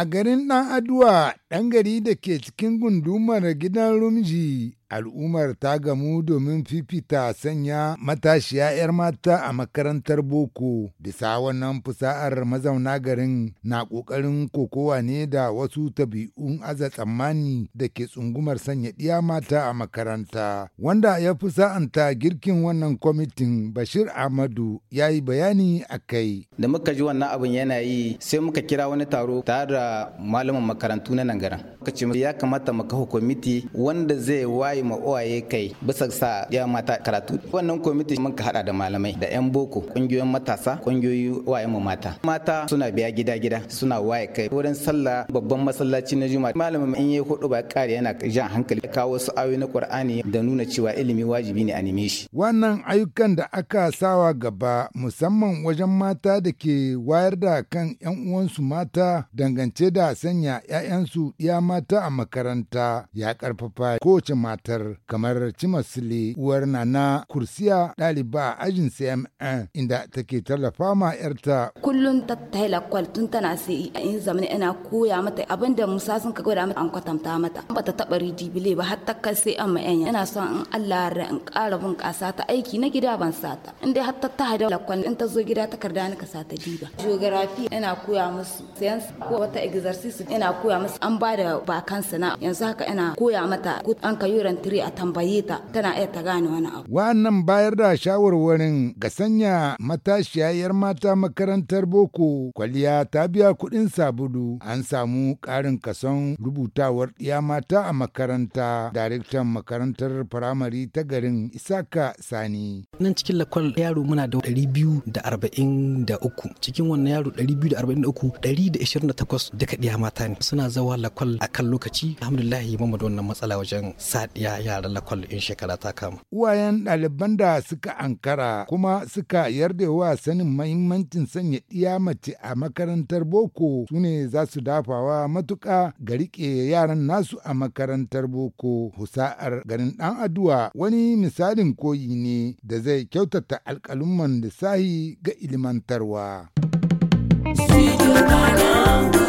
a garin ɗan aduwa ɗan gari da ke cikin gundumar gidan rumji al'ummar ta gamu domin fifita sanya matashiya 'yar mata a makarantar boko bisa wannan fusa'ar mazauna garin na ƙoƙarin kokowa ne da wasu tabi'un aza tsammani da ke tsungumar sanya ɗiya mata a makaranta wanda ya fusa'anta girkin wannan kwamitin bashir ahmadu ya yi bayani a kai da muka ji wannan abin yana yi sai muka kira wani taro tare da malaman makarantu na nan garan kace ya kamata mu kwamiti wanda zai waye ma uwaye kai bisa sa ya mata karatu wannan kwamiti mun ka hada da malamai da yan boko kungiyoyin matasa kungiyoyi waye mu mata mata suna biya gida gida suna waye kai wurin sallah babban masallaci na juma'a malamin in yayi hudu ba kare yana jan hankali kawo su ayoyi na qur'ani da nuna cewa ilimi wajibi ne a neme shi wannan ayyukan da aka sawa gaba musamman wajen mata da ke wayar da kan yan uwansu mata dangance da sanya 'ya'yansu ya mata a makaranta ya karfafa kowace matar kamar Cimasile uwar Nana Kursiya ɗaliba a ajin CMN inda take tallafa ma 'yarta. Kullum ta kwal tun tana sai e in zamani ina koya mata abin da Musa sun ka gwada mata an kwatanta mata. Ba ta taɓa ridibile ba har ta kai sai an yan. ina son in Allah ya in ƙara bin kasa ta aiki na gida ban sata. In dai har ta ta hada lakwal in ta zo gida takarda ni ka sata diba. Geography ina koya musu sayansu ko wata exercise ina koya musu an ba da bakan sana yanzu haka ina koya mata ko an ka yuran tiri a tambaye ta tana iya ta gane wani abu. Wannan bayar da shawarwarin ga sanya matashiya yar mata makarantar boko kwaliya ta biya kuɗin sabulu an samu ƙarin kason rubutawar ya mata a makaranta daraktan makarantar firamare ta garin Isaka Sani. Nan cikin lakwal yaro muna da ɗari biyu da arba'in da uku cikin wannan yaro ɗari biyu da arba'in da uku ɗari da ishirin da takwas duka ɗiya mata ne suna zawa lakwal a kan lokaci alhamdulillah ba mu da wannan matsala wajen sadiya yaran lakwal in shekara ta kama uwayen ɗaliban da suka ankara kuma suka yarda wa sanin mahimmancin sanya ɗiya mace a makarantar boko su ne za su dafawa matuƙa ga riƙe yaran nasu a makarantar boko husa'ar garin ɗan aduwa wani misalin koyi ne da zai kyautata alƙalumman lissahi ga ilimantarwa. Studio